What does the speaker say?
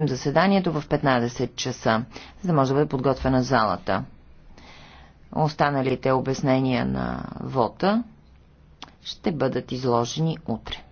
заседанието в 15 часа, за да може да бъде подготвена залата. Останалите обяснения на вота ще бъдат изложени утре.